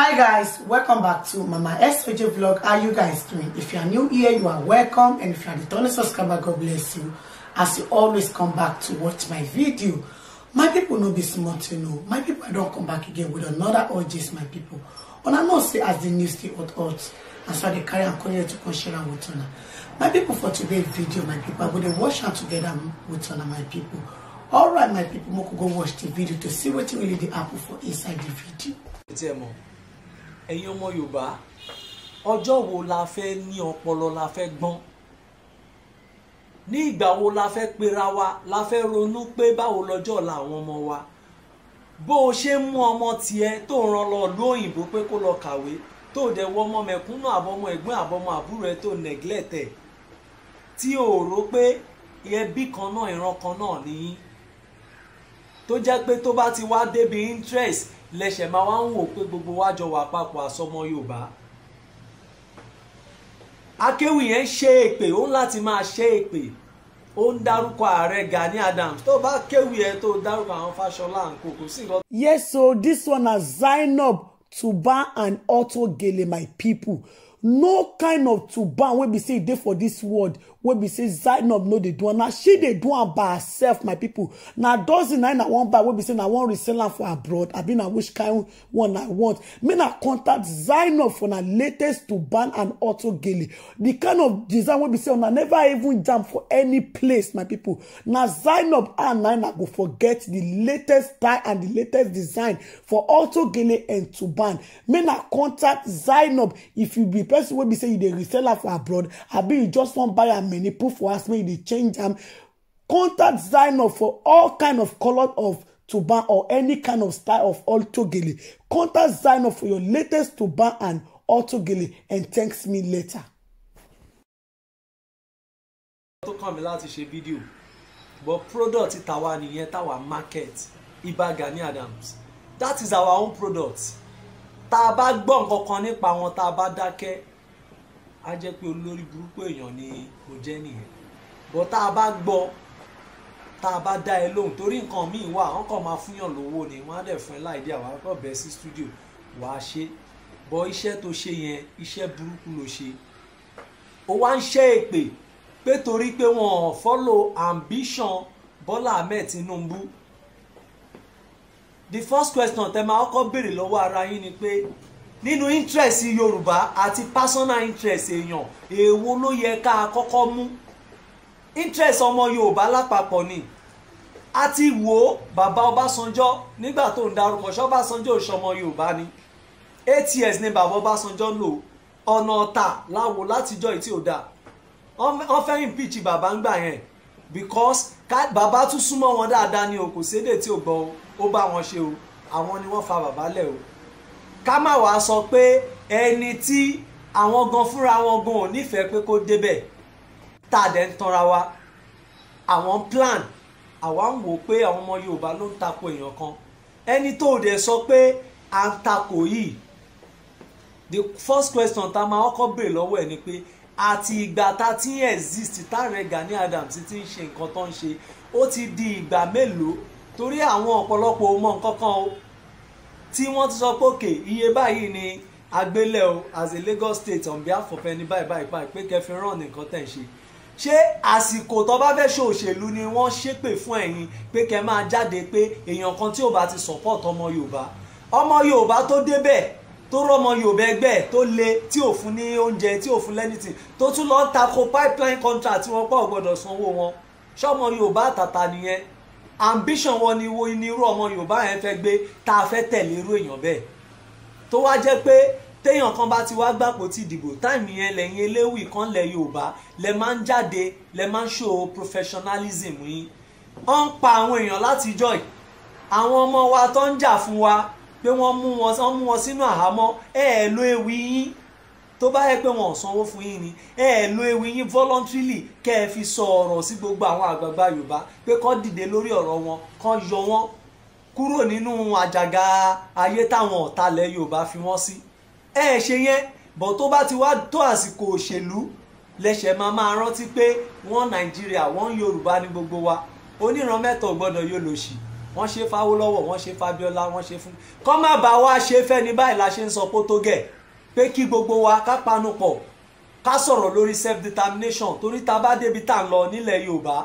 hi guys welcome back to mama soj vlog how you guys doing if you are new here you are welcome and if you are the returning subscriber god bless you as you always come back to watch my video my people no be small you know my people i don't come back again with another urges my people I must say as the news dey hot hot and so i carry and come here to come share am with una my people for today's video my people i go to watch am together with una my people all right my people go watch the video to see what wetin really dey apple for inside the video ẹ̀yin ọmọ Yorùbá ọjọ́ wo la fẹ́ ní ọpọlọ la fẹ́ gbọ́n ní ìgbà wo la fẹ́ pera wa la fẹ́ ronú pé báwo lọ́jọ́ ọ̀la àwọn ọmọ wa bó o ṣe ń mú ọmọ tiẹ̀ tó ràn lọ ló òyìnbó pé kó lọ kàwé tó dẹ̀ wọ ọmọ mẹ̀kúnnù àbọmọ ẹ̀gbọ́n àbọmọ àbúrò ẹ̀ tó neglect tí o rò pé ẹbí kan náà ìran kan náà nìyí tó jẹ́ pé tó bá ti wá débi interest lẹ́sẹ̀ máa wá ń wò pé gbogbo wa jọ wà papọ̀ àsọmọ Yorùbá akéwì yẹn ṣe èpè ó láti máa ṣe èpè ó dárúkọ ààrẹ Gani Adams tó bá kéwì ẹ tó dárúkọ àwọn Fáṣọlá nǹkan kò sí yes o so this one na Zainab Tuba and Auto Gele my people no kind of tuban wey be say e dey for dis world wey be say zainab no dey do am na she dey do am by herself my pipo na dozen na i wan buy wey be say na wan resell am for abroad i mean na which kind one i want make na contact zainab for na latest tuban and auto gele The kind of design wey be say una never even jam for any place my pipo na zainab and na go forget the latest style and the latest design for auto gele and tuban make na contact zainab if you be person wey be saying you dey resell am for abroad abi be just one buyer. am many proof for us, make they change them. contact zainab for all kind of color of tuba or any kind of style of altogele contact zainab for your latest tuba and altogele and thanks me later. To come out to share video, but product tàwa nìyẹn tàwa market Iba Gani Adams that is our own product tá a bá gbọ́ nǹkan kan nípa wọn tá a bá dákẹ́ á jẹ́ pé olórí burúkú èèyàn ni mo jẹ́ nìyẹn bọ́ tá a bá gbọ́ tá a bá dá ẹ lóhùn torí nǹkan míì wà wọ́n kàn máa fúnyàn lówó ni wọ́n á dẹ̀ fún ẹ láìdí àwọn akọ́ bẹ́ẹ̀ sí stúdíò wàá ṣe bọ́ iṣẹ́ tó ṣe yẹn iṣẹ́ burúkú ló ṣe ó wá ń ṣe èpè pé torí pé wọ́n follow ambition Bọ́lá Ahmed Tinubu the first question tẹ́ máa kọ́kọ́ béèrè lọ́wọ́ ara yín ni pé nínú interest yorùbá àti personal interest èèyàn èèwo ló yẹ ká kọ́kọ́ mú interest ọmọ yorùbá lápapọ̀ ni a ti wò ó bàbá ọbásanjọ́ nígbà tó ń darúkọ ṣọ́básanjọ́ òṣọmọ yorùbá ni eight years ni bàbá ọbásanjọ́ lò ọ̀nà ọ̀tà láwo látijọ́ ìtì ò dáa wọ́n fẹ́ impeach bàbá ń gbà yẹn because bàbá tún súnmọ́ wọn dáadáa ni o kò sédè tí ò gbọ́ o ó bá wọn ṣe o àwọn ni wọ́n fa bàbá lẹ̀ o ká má wàá sọ pé ẹni tí àwọn gan fúnra wọn gan ò nífẹ̀ẹ́ pé kó débẹ̀ tá a dẹ̀ ń tanra wa àwọn plan àwa ń wò pé àwọn ọmọ Yorùbá ló ń tako èèyàn kan ẹni tó dẹ̀ sọ pé à ń tako yìí the first question tá a máa kọ́kọ́ béèrè lọ́wọ́ ẹ̀ ni pé àti ìgbà tá ti ń exist táàrẹ Gani Adams ti ń ṣe nǹkan tó ń ṣe ó ti di ìgbà mélòó torí àwọn ọ̀pọ̀lọpọ̀ ọmọ nǹkan kan o tí wọ́n ti sọ pé òkè iye báyìí ni agbélẹ̀ o as a Lagos state on behalf of ẹni báyìí báyìí báyìí pé kẹfì ràn nìkan tẹ̀ ń ṣe ṣé àsìkò tó bá fẹ́ ṣe òṣèlú ni wọ́n ṣépè fún ẹ̀yin pé kẹ́ máa jáde pé èèyàn kan tí ò bá ti support ọmọ Yorùbá ọmọ Yorùbá tó débẹ̀ tó rọmọ yorùbá ẹgbẹ́ tó le tí ò fún ní oúnjẹ tí ò fún lẹ́nìtì tó tún lọ tako pipeline contract tí wọ́n pa ò gbọ́dọ̀ sanwó wọn ṣọmọ yorùbá àtàtà nìyẹn ambition wọn ni wo ni irú ọmọ yorùbá yẹn fẹ́ gbé tá a fẹ́ tẹ̀lé irú èèyàn bẹ́ẹ̀ tó wá jẹ́ pé téèyàn kan bá ti wá gbàpò ti dìbò táìmì yẹn lẹ́yìn eléwì kan lẹ̀ yorùbá lẹ máa ń jáde lẹ máa ń show professionalism yín wọ́n ń pa àwọn èèyàn látijọ́ yìí àwọn ọmọ wa tó ń jà fún wa pé wọ́n mú wọn wọ́n mú wọn sínú àhámọ́ ẹ ẹ lo ewì yín tó bá yẹ pé wọn ò sanwó fún yín ni ẹ ẹ lo ewì yín voluntarily kẹ́ ẹ fi sọ ọ̀rọ̀ sí gbogbo àwọn àgbààgbà Yorùbá pé kó dìde lórí ọ̀rọ̀ wọn kó yọ wọ́n kúrò nínú àjàgà ayé táwọn ọ̀talẹ̀ Yorùbá fi wọ́n sí ẹ ẹ ṣe yẹn bọ̀ tó bá ti wá tó àsìkò òṣèlú lẹ́sẹ̀ máa máa rántí pé wọ́n Nàìjíríà wọ́n Yorùbá ní gbogbo wa oníran mẹ́tọ̀ gbọ́dọ̀ yóò lòṣì wọ́n ṣe fáwọ́lọ́wọ́ wọ́n ṣe fábíọ́lá wọ́n ṣe fún kọ́ má bá wa ṣe fẹ́ni báyìí la ṣe ń sọ pótógẹ̀ pé kí gbogbo wa ká panu pọ̀ ká sọ̀rọ̀ lórí self determination torí ta bá débi tá à ń lọ nílẹ̀ yorùbá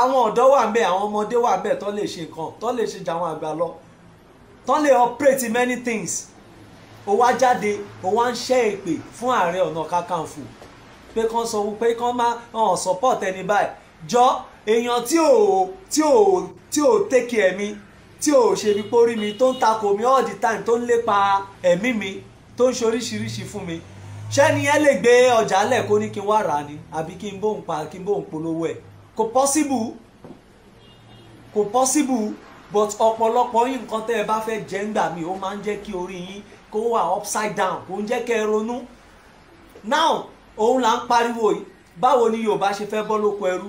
àwọn ọ̀dọ́ wà ń bẹ̀ àwọn ọmọdé wà ń bẹ̀ tó lè ṣe nǹkan tó lè ṣe jàwọn àgbà lọ tó lè operate many things ó wá jáde ó wá ń ṣẹ́ èpè fún ààrẹ ọ̀nà kakanfò pé kán sọ pé kán má support ẹni báyìí jọ́ èèyàn tí ò tí ò tí ò tẹ́kì ẹ̀mí tí ò ṣe bí pórí mi tó ń takò mi all the time tó ń lépa ẹ̀mí mi tó ń ṣoríṣiríṣi fún mi ṣẹ́ni ẹ lè gbé ọjà lẹ̀ kó ní kí n wá rà ni àbí kí n bóun pa kí n bóun polówó ẹ̀ kò pọ́síbù kò pọ́síbù but ọ̀pọ̀lọpọ̀ yìí nǹkan tẹ́ ẹ bá fẹ́ jẹ́ ń gbà mí ó máa ń jẹ́ kí orí yín kó wà upside down kò ń jẹ́ kẹ́ ẹ ronú now òun là ń pariwo yìí báwo ni Yorùbá ṣe fẹ́ bọ́ lóko ẹrú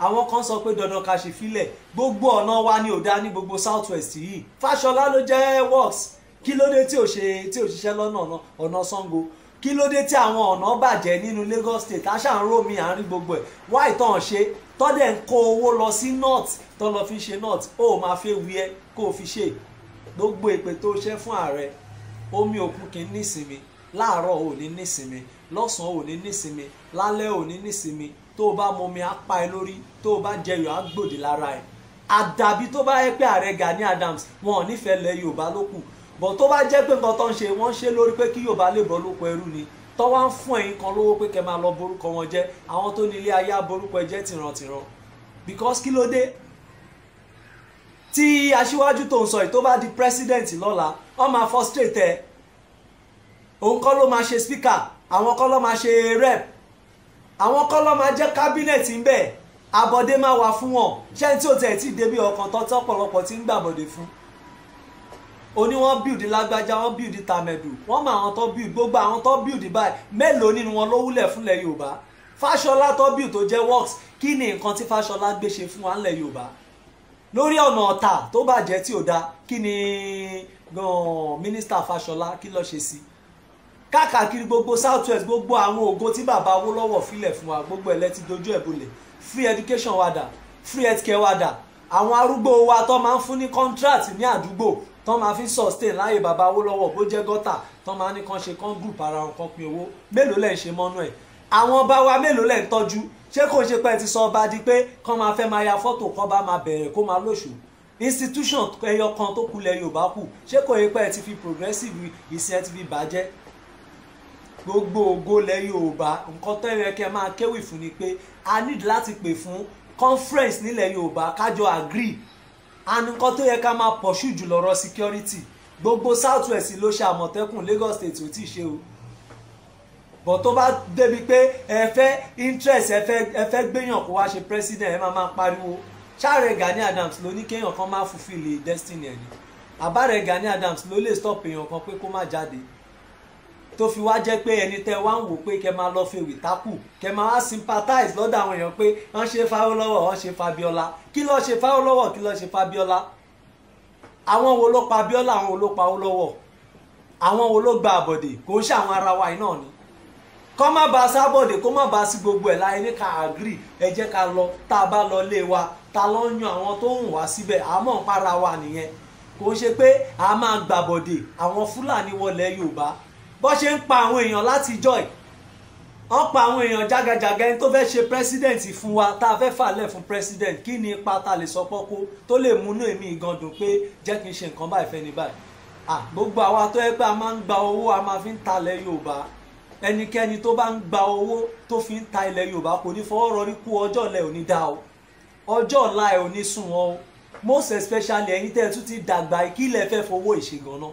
àwọn kan sọ pé dandan ká ṣe filẹ̀ gbogbo ọ̀nà wa ni ò dá ní gbogbo south west yìí Fáṣọlá ló jẹ́ works kí ló dé tí ò ṣe tí ò ṣiṣẹ́ lọ́nà ọ̀nà Sango kí ló dé tí àwọn ọ̀nà bàjẹ́ nínú Lagos state aṣá ń rò mí à ń rí gbogbo ẹ̀ wá ìtàn ṣe tọ́dẹ̀ ń kó owó lọ sí north tó lọ fi ṣe north ó máa fẹ́ wí ẹ́ kó o fi ṣe gbogbo èpè tó ṣe fún ààrẹ omi òkun kì í nísinmi láàárọ̀ ò nísinmi lọ́sàn-án ò nísinmi lálẹ́ ò nísinmi tó o bá mọmi á pa ẹ lórí tó o bá jẹyọ á lára ẹ àdàbí tó bá yẹ pé ààrẹ Gani Adams wọn ò nífẹ̀ẹ́ lẹ Yorùbá ló kù bọ̀ tó bá jẹ́ pé nǹkan tó ń ṣe wọ́n ṣe lórí pé kí Yorùbá lè bọ́ lóko ẹrú ni tó wá ń fún ẹ̀yin kan lówó pé kẹ́ máa lọ borúkọ wọn jẹ́ àwọn tó ní ilé ayé aborúkọ ẹ jẹ́ tìrantìran because kí ló dé tí aṣíwájú tó ń sọ yìí tó bá di president lọ́la wọ́n máa frustrate ẹ̀ òun kọ́ ló máa ṣe speaker àwọn kọ́ ló máa ṣe rep àwọn kọ́lọ́ máa jẹ́ kábínẹ̀tì ń bẹ̀ àbọ̀dé máa wà fún wọn ṣẹ́ni tí ò tẹ̀ tí ì débi ọkàn tọ́tọ́ pọ̀lọpọ̀ tí ń gbàbọ̀dé fún oní wọn bíùdì lágbájá wọn bíùdì tàmẹ̀dù wọn mọ àwọn tó bíùdì gbogbo àwọn tó build. báyìí mélòó nínú wọn ló wúlẹ̀ fúnlẹ̀ Yorùbá Fáṣọlá tó bíùdì tó jẹ́ works kí ni nǹkan tí Fáṣọlá gbé ṣe fún wa ńlẹ̀ Yorùbá lórí ọ̀nà ọ̀tà tó bàjẹ́ tí ò da kí ni gan-an mínísítà Fáṣọlá kí ló ṣe sí i káàkiri gbogbo south west gbogbo àwọn ògo tí bàbá Awólọ́wọ̀ filẹ̀ fún wa gbogbo ẹ̀ dojú ẹ̀ bolẹ̀ free education wa dà free healthcare wa dà àwọn arúgbó wa tó máa ń fún ní contract ní àdúgbò tó máa fi sustain láàyè bàbá Awólọ́wọ̀ bó jẹ́ gọ́tà tó máa ní kàn ṣe kàn group ara wọn kàn pín owó mélòó lẹ́ ń ṣe mọ́nú ẹ̀ àwọn ọba wa mélòó lẹ́ ń tọ́jú ṣé kò ṣe pé ti sọ ọba di pé kàn máa fẹ́ máa ya fọ́tò kàn bá máa bẹ̀rẹ̀ kó máa lóṣù institution ẹyọ kan tó kulẹ̀ Yorùbá kù ṣé kò yẹ pé ti fi progressive ìsìn ẹ ti fi bàjẹ́ gbogbo ògo lẹ yorùbá nǹkan tó yẹ kẹ́ máa kéwì fún ni pé a need láti pè fún conference nílẹ̀ yorùbá kájọ agree and nǹkan tó yẹ ká máa pọ̀ṣù jù lọ́rọ̀ security gbogbo south west ló ṣe àmọ̀tẹ́kùn lagos state ò tí ì ṣe o bọ̀ tó bá débi pé ẹ fẹ́ interest ẹ fẹ́ ẹ fẹ́ gbéyàn kó wá ṣe president ẹ máa máa pariwo ṣáàrẹ̀ Gani Adams ló ní kéèyàn kan máa fulfill destiny ẹ̀ ni àbárẹ̀ Gani Adams ló lè stop èèyàn kan pé kó má jáde tó fi wá jẹ́ pé ẹni tẹ́ wá ń wò pé kẹ́ máa lọ fi ewì tákù kẹ́ máa wá sympathize lọ́dọ̀ àwọn èèyàn pé wọ́n ṣe Fáwọ́lọ́wọ́ wọ́n ṣe Fábíọ́lá kí ló ṣe Fáwọ́lọ́wọ́ kí ló ṣe Fábíọ́lá àwọn wo ló pa Abíọ́lá àwọn wo ló pa Awólọ́wọ̀ àwọn wo ló gba àbọ̀dè kò ń ṣe àwọn ará wa iná ni kọ́ má ba sábọ̀dé kó má ba sí gbogbo ẹ̀ láyé ní ká agree ẹ jẹ́ ká lọ tá a bá lọ lé wa ta ló ń yan àwọn tó ń wá síbẹ̀ àmọ́ ń para wa nìyẹn kò ń ṣe pé a máa gbàbọ̀dé àwọn Fúlàní wọlé Yorùbá bó ṣe ń pa àwọn èèyàn láti jọ ẹ̀ wọ́n pa àwọn èèyàn jágajàga ẹni tó fẹ́ ṣe president fún wa tá a fẹ́ fàlẹ̀ fún president kí ni ipa ta lè sọ pọ́kó tó lè múnú èmi ìgandùn pé jẹ́ kí n ṣe nǹkan báyìí fẹ́ni báyìí gbogbo àwa tó yẹ pé a máa ń gba owó a máa fi ń talẹ̀ Yorùbá ẹnikẹ́ni tó bá ń gba owó tó fi ń ta ilẹ̀ Yorùbá kò ní fọwọ́ rọrí kú ọjọ́ ọ̀la ẹ̀ ò ní dá o ọjọ́ ọ̀la ẹ̀ ò ní sùn o most especially ẹ̀yin tẹ́ ẹ tún ti dàgbà kí ilẹ̀ fẹ́ fowó ìṣègùn náà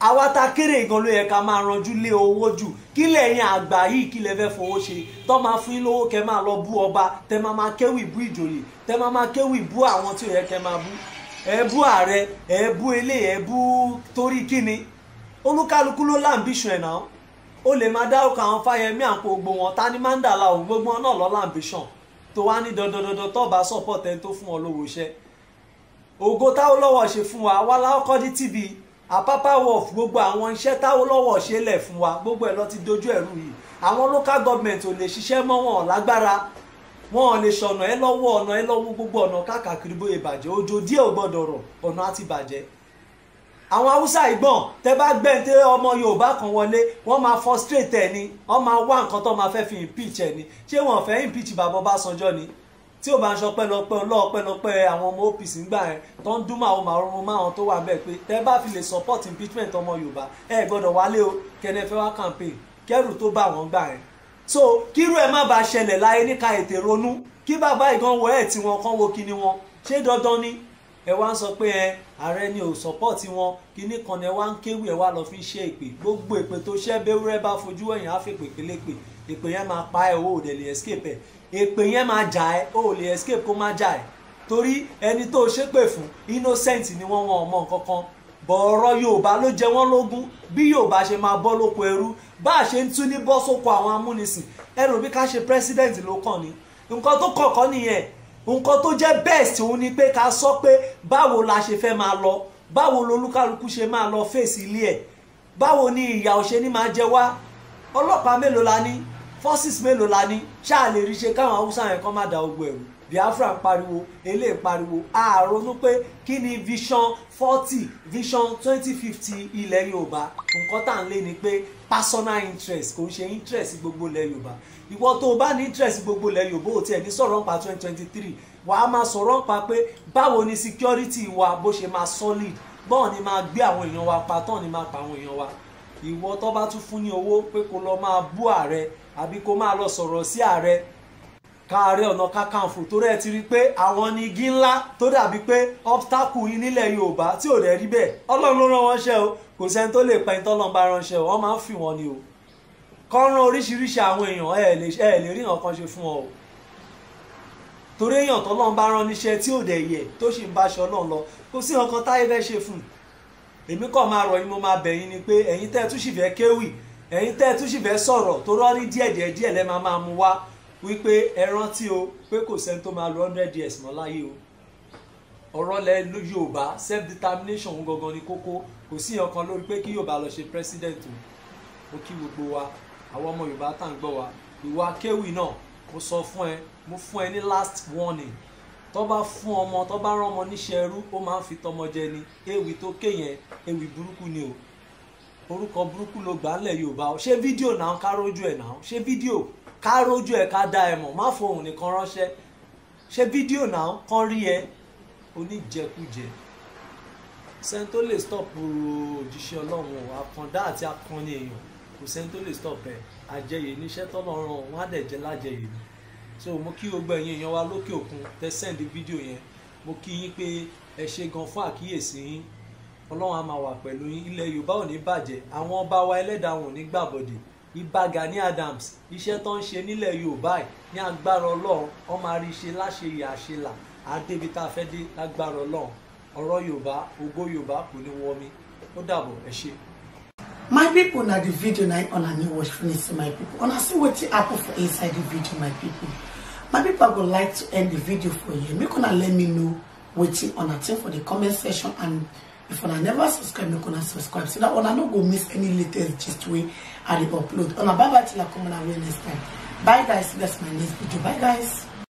Awata ta kéré gan ló yẹ ká máa ranjú lé owó jù kí lẹ́yìn àgbà yìí kí lẹ fẹ́ fowó ṣe tó máa fún yín lówó kẹ máa lọ bú ọba tẹ máa máa kéwì bú ìjòyè tẹ máa máa kéwì bú àwọn tí ò yẹ kẹ máa bú ẹ bú ààrẹ ẹ bú ilé ẹ bú torí kíni olúkálukú ló láǹbíṣùn ẹ̀ náà ó lè máa dárúkọ àwọn fáyẹmí àpò gbogbo wọn ta ni mandala òun gbogbo wọn náà lọ láǹbíṣàn tó wá ní dandandandan tó bá support ẹni tó fún ọ lówó iṣẹ́ ògo táwọn lọ́wọ́ ṣe fún wa wá láwọ́kọ́ ní tv Apapa Wharf gbogbo àwọn iṣẹ́ táwọlọ́wọ́ ṣe lẹ̀ fún wa gbogbo ẹ̀ lọ ti dojú ẹ̀rú yìí àwọn local government ò lè ṣiṣẹ́ mọ́ wọn lágbára wọn ò lè ṣọ̀nà ẹ lọ́wọ́ ọ̀nà ẹ lọ́wọ́ gbogbo ọ̀nà káàkiri bóyá ìbàjẹ́ ọjọ́ díẹ̀ ò gbọ́dọ̀ rọ̀ ọ̀nà àti ìbàjẹ́ àwọn haúsá ìgbọ̀n tẹ bá gbẹ̀ǹtẹ́ ọmọ yorùbá kan wọlé wọ́n máa frustrate ẹ̀ ni wọ́n máa wá nǹkan tó máa fẹ́ fi impeach ẹ̀ ni ṣé wọ́n fẹ́ impeach bàbá ọbásanjọ́ ni tí ò bá ń sọpẹ́ lọpẹ́ ọlọ́ọ̀pẹ́ lọpẹ́ àwọn ọmọ OPC ńgbà yẹn tó ń dún màwọn màwọn máwọn tó wà bẹ́ẹ̀ pé tẹ́ bá fi lè support impeachment ọmọ Yorùbá ẹ gbọ́dọ̀ wálé o kẹ́nẹ́ fẹ́ wá campaign kẹ́rù tó bá wọn gbà yẹn so kírú ẹ má bàa ṣẹlẹ̀ láyé níka ètè ronú kí bàbá ìgan wọ ẹ̀ tí wọn kán wo kíni wọn ṣé dandan ni ẹ wá ń sọ pé ẹ ààrẹ ni ò sọpọ́ọ̀tì wọn kíní kan ẹ wá ń kéwì ẹ wá lọ fi ṣe èpè gbogbo èpè tó ṣẹ́ bẹ́wúrẹ́ bá fojú ẹ̀yìn á fi pèpè lépè èpè yẹn máa pa ẹ̀ owó òdẹ̀lẹ̀ escape ẹ̀ èpè yẹn máa jà ẹ́ o ò lè escape kó má jà ẹ́ torí ẹni tó o ṣépè fún innocent ni wọ́n wọn ọmọ kankan bọ̀ ọ̀rọ̀ yorùbá ló jẹ wọ́n lógún bí yorùbá ṣe máa bọ́ lóko ẹrú bá a ṣe ń tún ní bọ́ sóko àwọn amúnisìn ẹrù bí ká ṣe president ló kàn ní nǹkan tó kọ̀ọ̀kan nìyẹn nǹkan tó jẹ́ best òun ni pé ká sọ pé báwo la ṣe fẹ́ máa lọ báwo lolúkálukú ṣe máa lọ fèsì ilé ẹ̀ báwo ni ìyà òṣè ní máa jẹ wá ọlọ́pàá mélòó la ní forces mélòó la ní ṣáà lè rí ṣe káwọn haúsá yẹn kọ́ má da ogun ẹ̀rù biafra pariwo ele pariwo àrònú pé kí ni vision forty vision twenty fifty ilẹ̀ yorùbá nǹkan tá à ń lé ni pé personal interest kò ń ṣe interest gbogbo ilẹ̀ yorùbá ìwọ tó o bá ní interest gbogbo ilẹ̀ yorùbá ò tiẹ̀ ní sọ̀rọ̀ nípa twenty twenty three wàá máa sọ̀rọ̀ nípa pé báwo ni security wa bó ṣe máa solid bọ́ọ̀ ni máa gbé àwọn èèyàn wa pa tán ni máa pa àwọn èèyàn wa ìwọ tó bá tún fún ní owó pé kó lọ máa bú ààrẹ àbí kó máa lọ sọ̀rọ̀ sí ààrẹ káàárẹ ọ̀nà kakanfò tó rẹ̀ ti rí pé àwọn ni igi ńlá tó dàbí pé obstacle yìí nílẹ̀ yorùbá tí ò rẹ̀ rí bẹ́ẹ̀ ọlọ́run ló rán wọn ṣẹ́ o kò sẹ́ni tó lè pa ẹni tọ́lọ́n bá ránṣẹ́ o wọ́n máa ń fi wọn ni o kọ́ran oríṣiríṣi àwọn èèyàn ẹ̀ lè rí nǹkan ṣe fún ọ o torí èèyàn tọ́lọ́n bá rán níṣẹ́ tí ò dẹ̀ yẹ tó sì ń báṣọ ọlọ́run lọ kò sí nǹkan táyé fẹ́ ṣe fún un èmi kàn máa rọ̀ yín mo máa bẹ̀ yín ni pé ẹ̀yin tẹ́ ẹ tún sì fẹ́ kéwì ẹ̀yin tẹ́ ẹ tún sì fẹ́ sọ̀rọ̀ tó rọ́ ní díẹ̀ díẹ̀ díẹ̀ lẹ́ máa máa mú wá wípé ẹ rántí o pé kò sẹ́ni tó máa lo hundred years mọ́ láyé o ọ̀rọ̀ lẹ Yorùbá self determination ń gangan ni kókó kò sí ọ̀kan lórí pé kí Yorùbá lọ ṣe president o mo kí gbogbo wa àwọn ọmọ Yorùbá tá à ń gbọ́ wa ìwà kéwì náà mo sọ fún ẹ mo fún ẹ ní last warning tó bá fún ọmọ tó bá rán ọmọ níṣẹ́ ẹrú ó máa ń fi tọmọ jẹ ni ewì tó ké yẹn ewì burúkú ni o orúkọ burúkú ló gbà á lẹ̀ Yorùbá ṣé fídíò náà ká rójú ẹ̀ náà ṣé fídíò ká rójú ẹ̀ ká dá ẹ mọ̀ má fohùn nìkan ránṣẹ́ ṣé fídíò náà kán rí ẹ oníjẹkújẹ sẹ́ni tó lè stop òjíṣẹ́ ọlọ́run àkàndá àti akànnì èèyàn kò sẹ́ni tó lè stop ẹ̀ àjẹyè níṣẹ́ tọ́lọ́run wọn á dẹ̀ jẹ́ lájẹyè ni so mo kí gbogbo ẹ̀yin èèyàn wa lókè òkun tẹ́ send fídíò yẹn mo kí yín pé ẹ ṣe gan fún àkíyèsí yín ọlọ́run á máa wà pẹ̀lú yín ilẹ̀ yorùbá ò ní bàjẹ́ àwọn ọba wa ẹlẹ́dàá wọn ò ní gbàbọ̀dẹ̀ ibà Gani Adams iṣẹ́ tó ń ṣe nílẹ̀ yorùbá ẹ̀ ní agbára ọlọ́run wọ́n máa rí ṣe láṣeyè àṣelà àdébi tá a fẹ́ dé lágbára ọlọ́run ọ̀rọ̀ yorùbá ògo yorùbá kò ní wọ́n mi ó dàbọ̀ ẹ ṣé. People na the video na on a new watch finish see my people, on a see wetin happen for inside the video my people. my people go like to end the video for you make una let me know Waiting on a thing for the comment section and if una never subscribe make una subscribe so that dat una not go miss any latest gist way i dey upload a bye bye till i come una way next time bye guys that's my next video bye guys